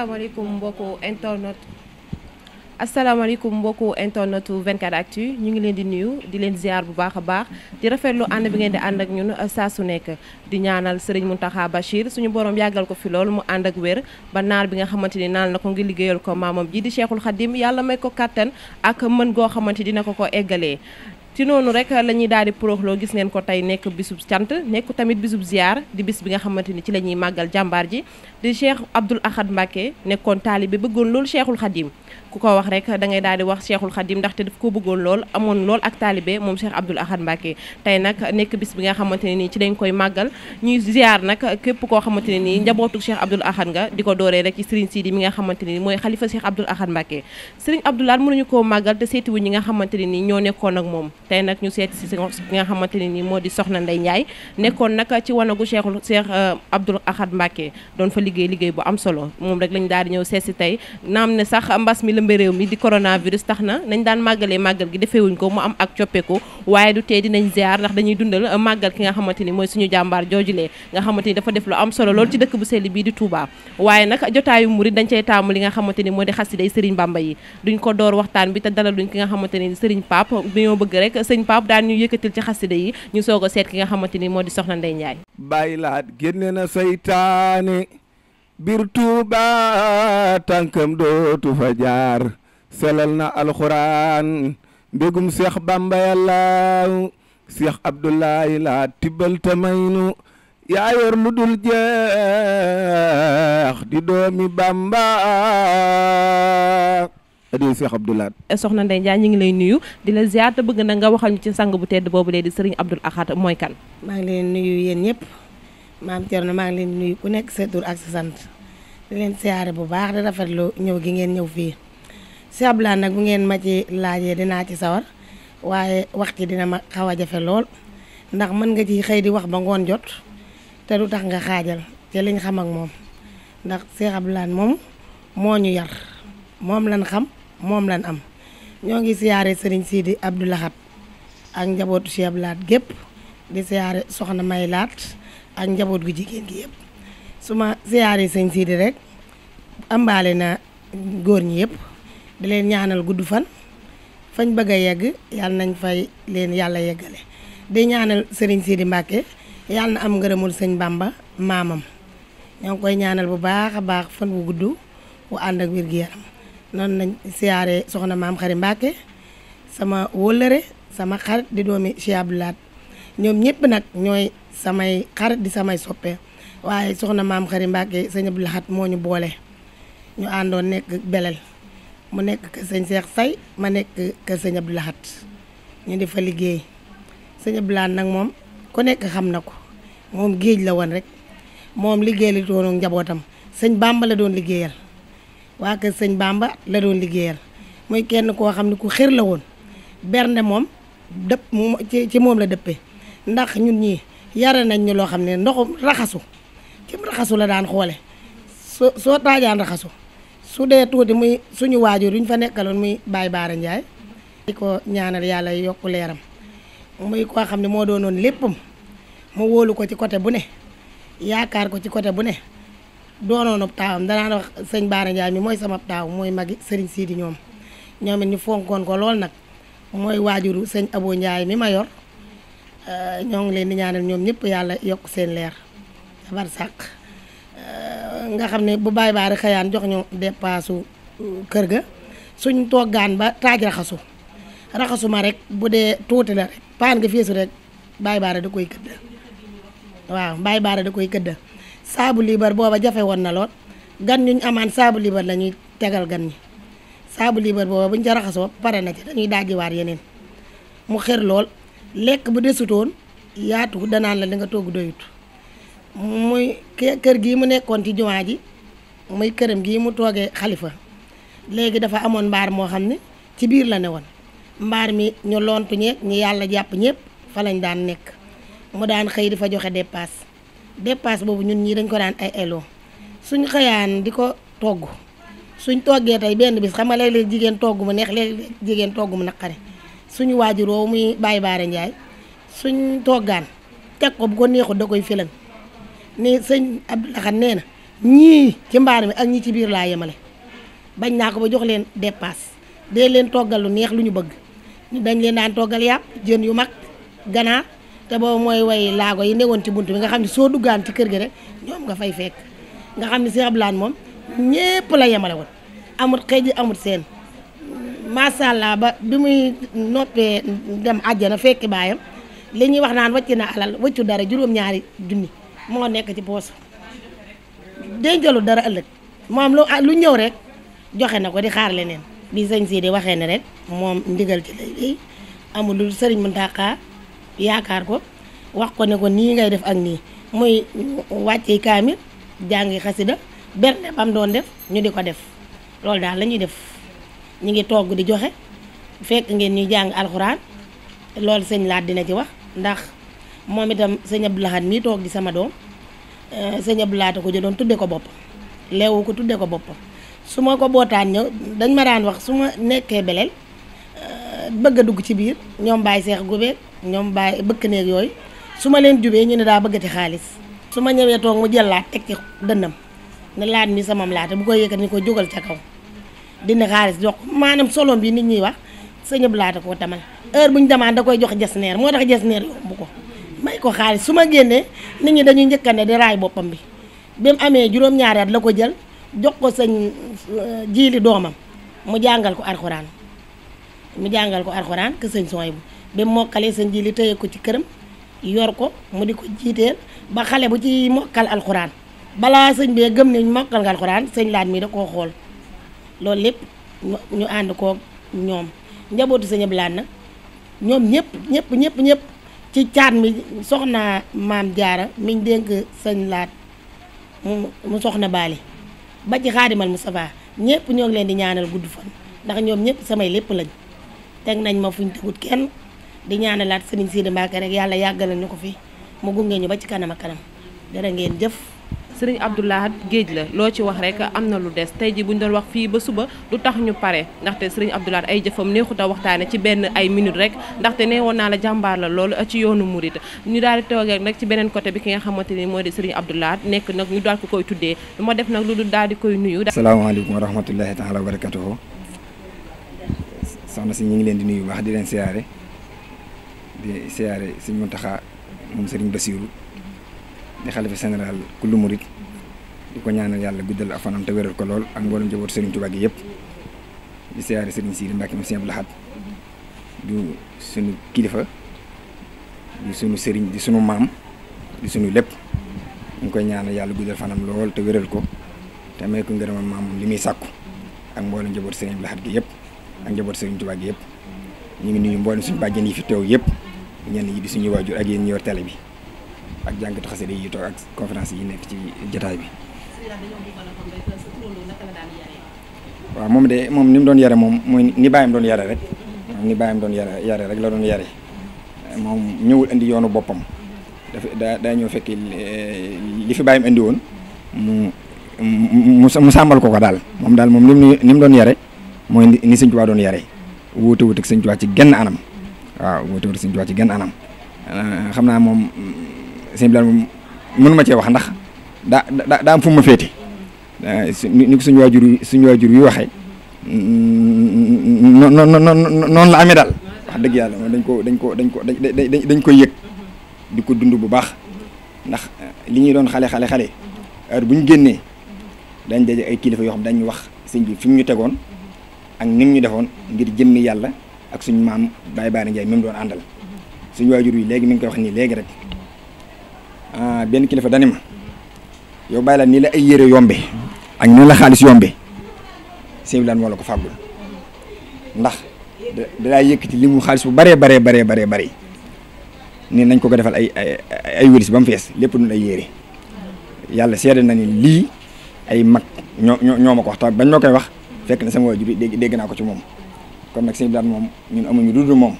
asalaamaaleykum mbokku internet asalaamaaleykum mbokku internet 24 actu ñu ngi leen di nuyu di leen ziar bu baax a baax di rafetlu ànd bi ngeen di ànd ak ñun uh, saa su nekk di ñaanal sëriñ Mountakha Bachir suñu borom yàggal ko fi lool mu ànd ak wér ba naar bi nga xamante ni naan na ko ngi liggéeyal ko maamom ji di Cheikhul Khadim yàlla may ko kàttan ak mën goo xamante dina ko ko eggalee ci noonu rek la ñuy daal di poroxloo gis ngeen ko tey nekk bisub cant nekku tamit bisub ziar di bis bi nga xamante ni ci la ñuy màggal jàmbaar ji di Cheikh Abdoul Ahad Mbacké nekkoon taalibe bëggoon loolu Cheikhul Khadim ku ko wax rek da ngay daal di wax Cheikhul Khadim ndaxte daf ko bëggoon lool amoon lool ak taalibe moom Cheikh Abdoul Ahad Mbacké tey nag nekk bis bi nga xamante ne nii ci lañ koy màggal ñuy ziar nga di ko dooree rek ci Serigne Sidi mi nga xamante ne nii mooy xalifa Cheikh Abdoul Ahad Mbacké Serigne Abdoul Ahad mënuñu ñi nga xamante ne nii ñoo nekkoon ak moom tey nag ñu seeti si ki nga xamante ne nii moo di Soxna Ndeye Ndiaye nekkoon nag ci wanagu Cheikhul Cheikh eh, Abdoul Ahad Mbacké doon fa liggéey liggéey bu am solo moom rek lañ daal di ñëw seet si tey naam ne sax mbas mi lëmbe réew mi di coronavirus tax na nañ daan màggalee màggal gi defeewuñ ko mu am ak coppeeku waaye du tee dinañ ziar ndax dañuy dundal màggal ki nga xamante moo di xasida yi Serigne Bamba yi duñ ko door waxtaan bi te dalaluñ ki nga xamante ni Serigne Pape dañoo bëgg rek Serigne Pape daan ñu yëkkatil ci xasida yi ñu soog a seet ki nga xamante ni moo di soxna Ndey Njaay bàyyi laat génne na seytaane biir tuuba tànkam dootu fa jaar selal na alxuraan mbégum seex bamba yàllaaw seex abdullahi laa tibbal tamaynu yaa yor lu dul jeex di doomi bamba adi seex abdoulaat eh, soxna ndey Njaay ñu ngi lay nuyu di la ziar te bëgg na nga waxal ñu ci sang bu tedd boobu lee di sëriñ abdul axat mooy kan maa ngi leen nuyu yéen ñëpp maam Thierno maa ngi leen nuyu ku nekk sa tur ak di leen siyaare bu baax di rafetlu ñëw gi ngeen ñëw fii si nag bu ngeen ma ci laajee dinaa ci sawar waaye wax ci dina ma xaw a jafe lool ndax mën nga ci xëy di wax ba ngoon jot te du tax nga xaajal ci liñ xam ak moom ndax Cheikh Abdoulaye moom moo ñu yar moom lan xam moom lan am ñoo ngi siyaare sëriñ Sidi Abdou Lahad ak njabootu Cheikh Abdoulaye gépp di siyaare soxna May Laat ak njaboot gu jigéen gi yëpp su ma ziyaaree sëñ Sidi rek ambaale na góor ñi yëpp di leen ñaanal gudd fan fañ bëgg a yegg yàlla nañ fay leen yàlla yeggale di ñaanal sëriñ Sidi Mbàkke yàlla na am ngërëmul sëñ mbàmba maamam ñoo ngi koy ñaanal bu baax a baax fan wu gudd bu ànd ak wér gi yaram noonu nañ siyaare soxna maam xari Mbàkke sama wóllëre sama xarit di doomi Cheikh Abdou ñoom ñëpp nag ñooy samay xarit di samay soppe waaye soxna maam xari Mbàkke sëñ Abdou Lahad moo ñu boole ñu àndoon nekk belel mu nekk kër sëñ Cheikh Faye ma nekk kër sëñ Abdou ñu di fa liggéey sëñ Abdou nag moom ku nekk xam na ko moom géej la woon rek moom liggéey la njabootam sëñ Bamba la doon liggéeyal waa kër sëñ Bamba la doon liggéeyal muy kenn koo xam ne ku xiir la woon bernde moom dëpp ci moom la dëppee ndax ñun ñii yare nañ ñu loo xam ne ndoxu raxasu kim raxasu la daan xoole soo soo taajaan raxasu su dee tuuti muy suñu waajur yu ñu fa nekkaloon muy Baye Baara Ndiaye di ko ñaanal yàlla yokk leeram muy koo xam ne moo doonoon léppam mu wóolu ko ci côté bu ne yaakaar ko ci côté bu ne doonoon ab taawam danaan wax sëñ Baara Ndiaye mi mooy sama taaw mooy magi sëriñ Sidi ñoom ñoom it ñu fonkoon ko lool nag mooy waajuru sëñ Abo Ndiaye mi ma yor ñoo ngi leen di ñaanal ñoom ñëpp yàlla yokk seen leer barsàq euh, nga xam ne bu baay baari xëyaan jox ñu dépaasu euh, kër ga suñ toggaan ba taaj raxasu raxasu ma rek bu dee tuuti la rek paan nga feesu rek baay baari da koy këdda waaw da koy këdda saabu liibar booba jafe woon na lool gan ñu amaan saabu liibar la ñuy tegal gan ñi saabu liibar booba buñ ca raxasoo pare na ci dañuy daajiwaar yeneen mu xër lool lekk bu desutoon yaatu danaan la li nga togg doyut muy kër gii mu nekkoon ci jumaa ji muy këram gii mu toogee xalifa léegi dafa amoon mbaar moo xam ne ci biir la ne woon mbaar mi ñu lontu ñeeg ñu yàlla jàpp ñëpp fa lañ daan nekk mu daan xëy di fa joxe dépasse dépasse boobu ñun ñii dañ ko daan ay elo suñ xëyaan di ko togg suñ toggee tey benn bis xam nga léeg-léeg jigéen togg mu neex léeg-léeg jigéen togg mu naqare suñu waajuroo muy bàyyi baare njaay suñ toggaan teg ko bu ko neexut da koy filan ni sëñ Abdou Lahad nee na ñii ci mbaar mi ak ñi ci biir laa yemale bañ naa ko ba jox leen dépasse dee leen toggal lu neex lu ñu bëgg dañ leen daan toggal yàpp jën yu mag ganaar te boobu mooy way laago yi newoon ci bunt bi nga xam ni soo duggaan ci kër gi rek ñoom nga fay fekk nga xam ne Cheikh Abdou Lahad moom ñépp la yemale woon amut xëy ji amut seen macha allah ba bi muy noppee dem àjjana fekki baayam li ñuy wax naan wàcc na alal wëccu dara juróom-ñaari junni moo nekk ci poos dencalu dara ëllëg moom lu lu ñëw rekk joxe na ko di xaar leneen bi sëñ si di waxee ne rek moom ndigal ci lay day amul lu sëriñ Mountakha yaakaar ko wax ko ne ko nii ngay def ak nii muy wàcce kaamil jàngi xasida benn bam doon def ñu di ko def loolu daal lañuy def ñu ngi togg di joxe fekk ngeen ñuy jàng alxuraan loolu sëñ laat dina ci wax ndax moom itam sëñ Abdou Lahad mii toog di sama doom eh, sëñ Abdou Lahad ko jëloon tudde ko boppam leewu ko tudde ko boppam su ma ko bootaan ñëw dañ ma daan wax su ma nekkee beleel eh, bëgg dugg ci biir ñoom bàyyi seex gubee ñoom bàyyi bëkk néeg yooyu su ma leen jubee ñu ne daa bëggati xaalis su ma ñëwee toog jël laat teg ci dënnam ne laat mi samam laata bu ko yëkkati ni ko jógal ca kaw dina xaalis jox maanaam solom bi nit ñuy wax sëñ Abdou Lahad ko tamal heure bu ñu demaan da koy jox jesneer moo tax jesneer yomb ko may ko xaalis su ma génnee nit ñi dañuy njëkka ne di raay boppam bi bi mu amee juróom-ñaari la ko jël jox ko sëñ euh, jiili doomam mu jàngal ko alxuraan mu jàngal ko alxuraan ke sëñ sooy bu bi mu mokkalee sëñ jiili téye ko ci këram yor ko mu di ko jiiteel ba xale bu ci mokkal alxuraan balaa sëñ bee gëm ne mokkal nga alxuraan sëñ laat mii da koo xool loolu lépp ñu ànd koo ñoom njabootu sëñ Abdu Lahat nag ñoom ñëpp ñëpp ñëpp ñëpp ci caat mi soxna maam jaara mi dénk sën laat mu soxna baali ba ci xaadimal Moustapha ñëpp ñoo ngi leen di ñaanal gudd fan ndax ñoom ñëpp samay lépp lañ teg nañ ma fuñ tegut kenn di ñaanalaat sëriñ Sidi Mbacke rek yàlla yàggalal ñu ko fi mu gunge ñu ba ci kanam kanam dara ngeen jëf sëriñ Abdoulahat géej la loo ci wax rek am na lu des tey ji bu ñu doon wax fii ba suba du tax ñu pare ndaxte sëriñ Abdoulahat ay jëfam neexut a waxtaane ci benn ay minute rek ndaxte nee woon naa la jàmbaar la loolu ci yoonu murit ñu daal di toogee nag ci beneen côté bi ki nga xamante ni moo di sëriñ abdulaat nekk nag ñu daal ko koy tuddee lu def nag lu dul daal koy nuyu. salaamaaleykum wa rahmatullahi taala wa barakatuhu soxna si ñu ngi leen di nuyu baax di leen siyaare di siyaare sëriñ Muntaxa moom sëriñ Basiiru di xalifa général kullu murit di ko ñaanal yàlla guddal afanam te wéral ko lool ak mboolem njaboot Serigne Touba gi yëpp di siyaare Serigne Sidi Mbacke mu kilifa di sunu Serigne sunu maam di sunu lépp ñu koy ñaanal yàlla guddal fanam lool te wéral ko te may ko ngërëmal maam li muy sàkku ak mboolu njaboot Serigne Abdou Lahad gi yëpp ak njaboot Serigne Touba gi yëpp ñu ngi nuyu mboolem suñu bàjjen yi fi teew yëpp ñenn yi di suñuy waajur ak yéen ñi yor bi. ak jàngatu xasida yi toog ak conférence yi nekk ci jotaay bi. waaw moom de moom ni mu doon yare moom mooy ni bàyyam doon yare rek. moom ni doon yare yare rek la doon yare moom ñëwul indi yoonu boppam. dafa daa daa ñëw fekk eh, li fi bàyyam indi woon mu mu mu sàmbal ko ko daal moom daal moom ni ni mu doon yare mooy ni Sëñ Tuubaa doon yare wuute wuute ak ci genn anam waaw wuute wuute ak ci genn anam eh, xam naa moom. sëñ bi daal moom mënuma cee wax ndax daa daa am fu ma féete eh, ni ko suñu waajur suñu waajur yi waxee noon mm, non non noonu la amee daal wax dëgg yàlla dañ ko dañ ko dañ ko dañ ko yëg di ko dund bu baax ndax eh, li ñuy doon xale xale xale heure bu ñu génnee dañ daje ay kilifa yoo xam dañ wax sëñ bi fi mu ñu tegoon ak ni ñu defoon ngir jëmmi yàlla ak suñu maam Baye Baara Ndiaye mi doon àndal suñu waajur yi léegi mi ngi koy wax nii léegi rek. Ah, benn kilifa dani ma yow bàyyi la nii la ay yére yombe ak nii la xaalis yombe sëñ moo la ko fàggul ndax dalaa ci li mu xaalis bu baree baree baree baree baree nii nañ ko ko defal ay ay ay wëris ba mu fees lépp dun ay yére yàlla seede na ni lii ay mag ñoo ñoo ma ko wax tax bañ ñoo koy wax fekk na sama waajur dégg dégg naa ko ci moom kon nag sëñ moom ñun amuñu dudd moom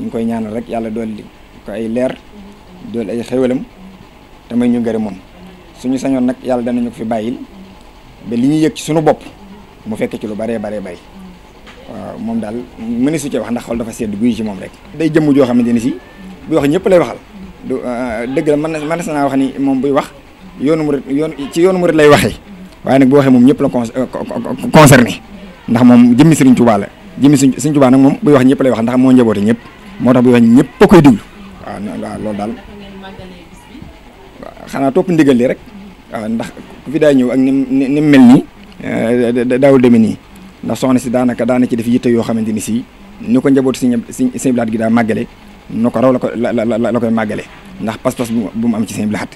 ñu ngi koy ñaanal rek yàlla dool ko ay leer dool ay xéwalam te may ñu ngërëm moom suñu sañoon nag yàlla danañu ko fi bàyyil ba li ñu yëg ci suñu bopp mu fekk ci lu baree baree bari waaw moom daal mëni su ci wax ndax xol dafa sedd guy ci moom rek day jëmm joo xamante ni si buy wax ñëpp lay waxal du euh, dëgg la mën na mën naa wax ni moom buy wax yoonu murit yoon ci yoonu murit lay waxee waaye nag bu waxee moom ñëpp la euh, concerné ndax moom jëmmi Sëriñ Tuubaa la jëmmi Sëriñ Tuubaa nag moom buy wax ñëpp lay wax ndax moo njaboote ñëpp moo tax buy wax ñëpp a koy déglu waaw waaw loolu daal xanaa topp ndigal li rek ndax ku fi daa ñëw ak ni ni mel nii eh, daawul demee nii ndax soxna si daanaka daana ci def yitte yoo xamante ni si ni ko njaboot si si sëñ Blaat gi daa màggale nu ko raw la ko la la koy màggale ndax pas-pas bu mu am ci sëñ Blaat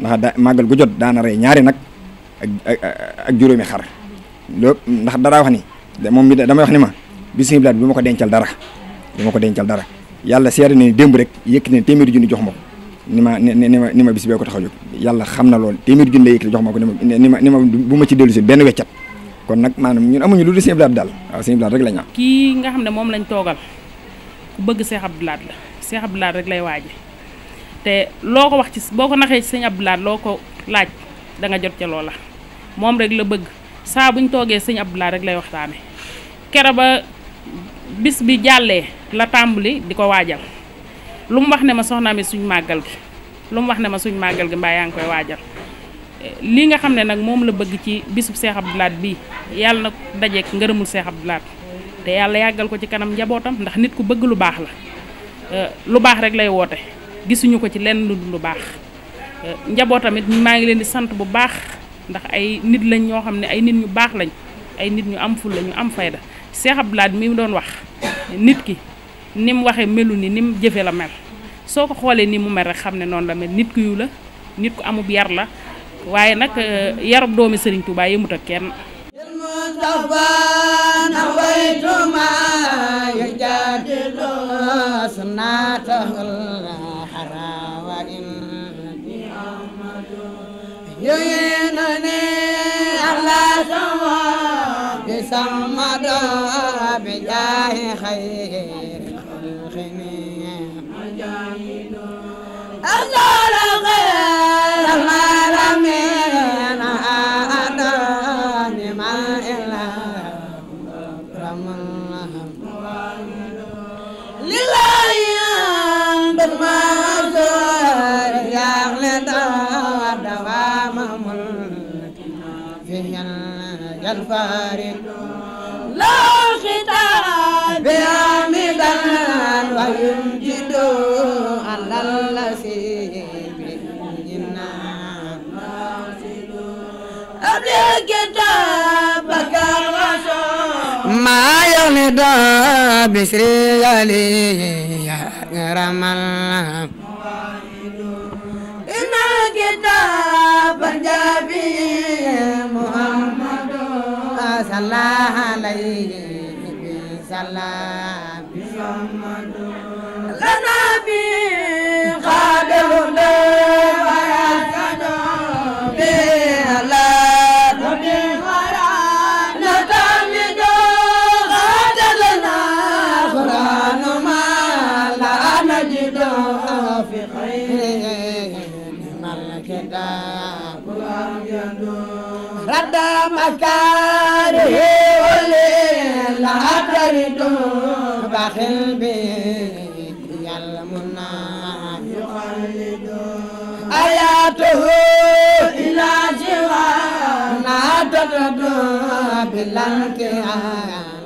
ndax da màggal gu jot daana ñaari nag ak ak juróomi xar ndax daraa wax ni moom mi damay wax ni ma bi sëñ Blaat bi ma ko dencal dara bi ma ko dencal dara yàlla seetlu na ni démb rek yëkk ne ju junni jox ma ni ma ni ma ni ma bis bee ko tax a yàlla xam na loolu téeméer junni la yëkkati jox ma ko ni ma ni ma bu ma ci dellu si benn weccat kon nag maanaam ñun amuñu lu dul Sëñ Abdou Lahad daal waaw Sëñ Abdou rek la ñu am nga xam ne moom lañ toogal ku bëgg Seex Abdou Lahad rek lay waaje te loo ko wax ci boo ko naxee ci Sëñ Abdou loo ko laaj danga nga jot ca loola moom rek la bëgg saa ñu toogee Sëñ Abdou rek lay waxtaane kere ba bis bi jàllee la tàmbali di ko waajal lu mu wax ne ma soxna mi suñ màggal gi lu mu wax ne ma suñ màggal gi mbaa yaa ngi koy waajal lii nga xam ne nag moom la bëgg ci bisub Seex Abdu bii yàlla na dajeek ngërëmul Seex Abdu Lahat te yàlla yàggal ko ci kanam njabootam ndax nit ku bëgg lu baax la lu baax rek lay woote gisuñu ko ci lenn lu lu baax njabootam it maa ngi leen di sant bu baax ndax ay nit lañ ñoo xam ne ay nit ñu baax lañ ay nit ñu am ful la ñu am fayda Seex Abdu Lahat mi doon wax ki ni mu waxee melu ni ni mu jëfe la mel soo ko xoolee ni mu mel rek xam ne noonu la mel nit ku yiw la nit ku amub yar la waaye nag euh, yarub doomi Serigne Touba yëmut ak kenn bi Get down. لما يغلد بسري علي رمى إن الكتاب جابي محمد صلى عليه وسلم يخلد آياته إلى جوار ما تدد بالانكهار